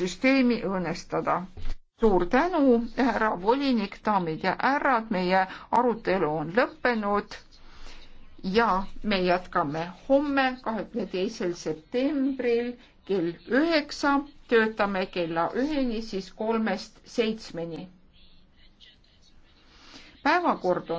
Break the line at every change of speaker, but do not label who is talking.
süsteemi õõnestada. suur tänu, härra volinik, daamid ja härrad, meie arutelu on lõppenud ja me jätkame homme, kahekümne teisel septembril kell üheksa, töötame kella üheni, siis kolmest seitsmeni.
päevakord on